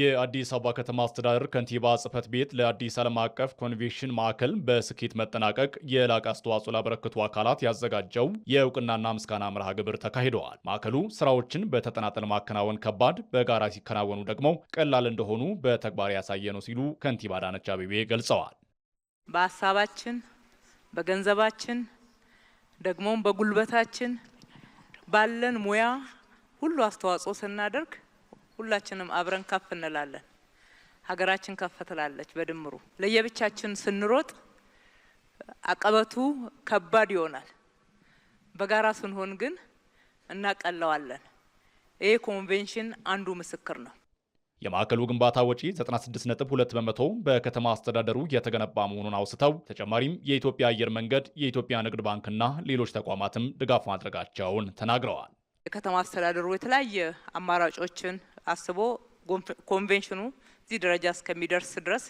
የአዲስ አበባ ከተማ አስተዳደር ከንቲባ ጽህፈት ቤት ለአዲስ ዓለም አቀፍ ኮንቬንሽን ማዕከል በስኬት መጠናቀቅ የላቀ አስተዋጽኦ ላበረክቱ አካላት ያዘጋጀው የእውቅናና ምስጋና መርሃ ግብር ተካሂደዋል። ማዕከሉ ስራዎችን በተጠናጠል ማከናወን ከባድ፣ በጋራ ሲከናወኑ ደግሞ ቀላል እንደሆኑ በተግባር ያሳየ ነው ሲሉ ከንቲባ አዳነች አቤቤ ገልጸዋል። በሀሳባችን፣ በገንዘባችን፣ ደግሞም በጉልበታችን ባለን ሙያ ሁሉ አስተዋጽኦ ስናደርግ ሁላችንም አብረን ከፍ እንላለን። ሀገራችን ከፍ ትላለች። በድምሩ ለየብቻችን ስንሮጥ አቀበቱ ከባድ ይሆናል። በጋራ ስንሆን ግን እናቀለዋለን። ይህ ኮንቬንሽን አንዱ ምስክር ነው። የማዕከሉ ግንባታ ወጪ 96.2 በመቶ በከተማ አስተዳደሩ የተገነባ መሆኑን አውስተው ተጨማሪም የኢትዮጵያ አየር መንገድ፣ የኢትዮጵያ ንግድ ባንክና ሌሎች ተቋማትም ድጋፍ ማድረጋቸውን ተናግረዋል። የከተማ አስተዳደሩ የተለያየ አማራጮችን አስቦ ኮንቬንሽኑ እዚህ ደረጃ እስከሚደርስ ድረስ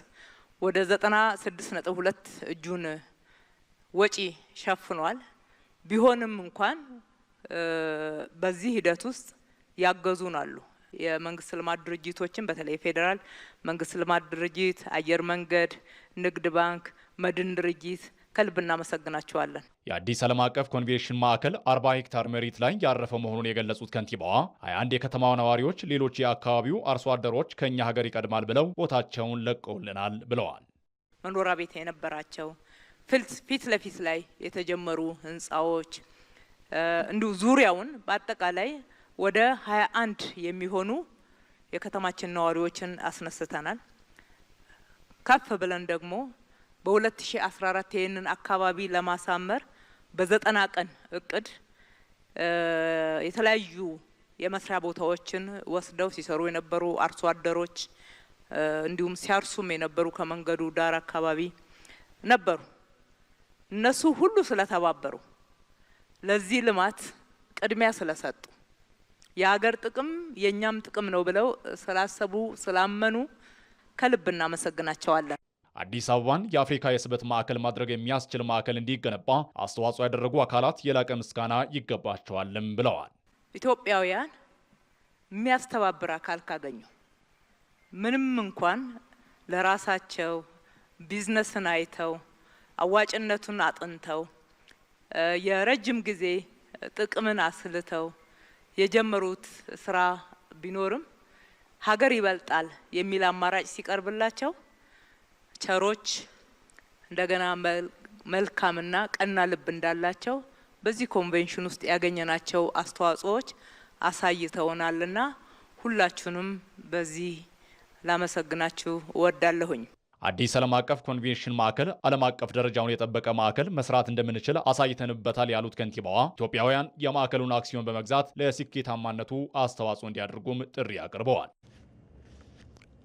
ወደ ዘጠና ስድስት ነጥብ ሁለት እጁን ወጪ ሸፍኗል። ቢሆንም እንኳን በዚህ ሂደት ውስጥ ያገዙን አሉ። የመንግስት ልማት ድርጅቶችን በተለይ ፌዴራል መንግስት ልማት ድርጅት፣ አየር መንገድ፣ ንግድ ባንክ፣ መድን ድርጅት ከልብ እናመሰግናቸዋለን። የአዲስ ዓለም አቀፍ ኮንቬንሽን ማዕከል 40 ሄክታር መሬት ላይ ያረፈ መሆኑን የገለጹት ከንቲባዋ 21 የከተማው ነዋሪዎች፣ ሌሎች የአካባቢው አርሶ አደሮች ከእኛ ሀገር ይቀድማል ብለው ቦታቸውን ለቀውልናል ብለዋል። መኖሪያ ቤት የነበራቸው ፊት ለፊት ላይ የተጀመሩ ህንፃዎች እንዲሁ ዙሪያውን በአጠቃላይ ወደ 21 የሚሆኑ የከተማችን ነዋሪዎችን አስነስተናል። ከፍ ብለን ደግሞ በ2014 ይህንን አካባቢ ለማሳመር በዘጠና ቀን እቅድ የተለያዩ የመስሪያ ቦታዎችን ወስደው ሲሰሩ የነበሩ አርሶ አደሮች እንዲሁም ሲያርሱም የነበሩ ከመንገዱ ዳር አካባቢ ነበሩ። እነሱ ሁሉ ስለተባበሩ ለዚህ ልማት ቅድሚያ ስለሰጡ የሀገር ጥቅም የእኛም ጥቅም ነው ብለው ስላሰቡ ስላመኑ ከልብ እናመሰግናቸዋለን። አዲስ አበባን የአፍሪካ የስበት ማዕከል ማድረግ የሚያስችል ማዕከል እንዲገነባ አስተዋጽኦ ያደረጉ አካላት የላቀ ምስጋና ይገባቸዋልም ብለዋል። ኢትዮጵያውያን የሚያስተባብር አካል ካገኙ ምንም እንኳን ለራሳቸው ቢዝነስን አይተው አዋጭነቱን አጥንተው የረጅም ጊዜ ጥቅምን አስልተው የጀመሩት ስራ ቢኖርም ሀገር ይበልጣል የሚል አማራጭ ሲቀርብላቸው ቸሮች እንደገና መልካምና ቀና ልብ እንዳላቸው በዚህ ኮንቬንሽን ውስጥ ያገኘናቸው አስተዋጽኦዎች አሳይተውናልና ሁላችሁንም በዚህ ላመሰግናችሁ እወዳለሁኝ። አዲስ ዓለም አቀፍ ኮንቬንሽን ማዕከል ዓለም አቀፍ ደረጃውን የጠበቀ ማዕከል መስራት እንደምንችል አሳይተንበታል ያሉት ከንቲባዋ ኢትዮጵያውያን የማዕከሉን አክሲዮን በመግዛት ለስኬታማነቱ አስተዋጽኦ እንዲያደርጉም ጥሪ አቅርበዋል።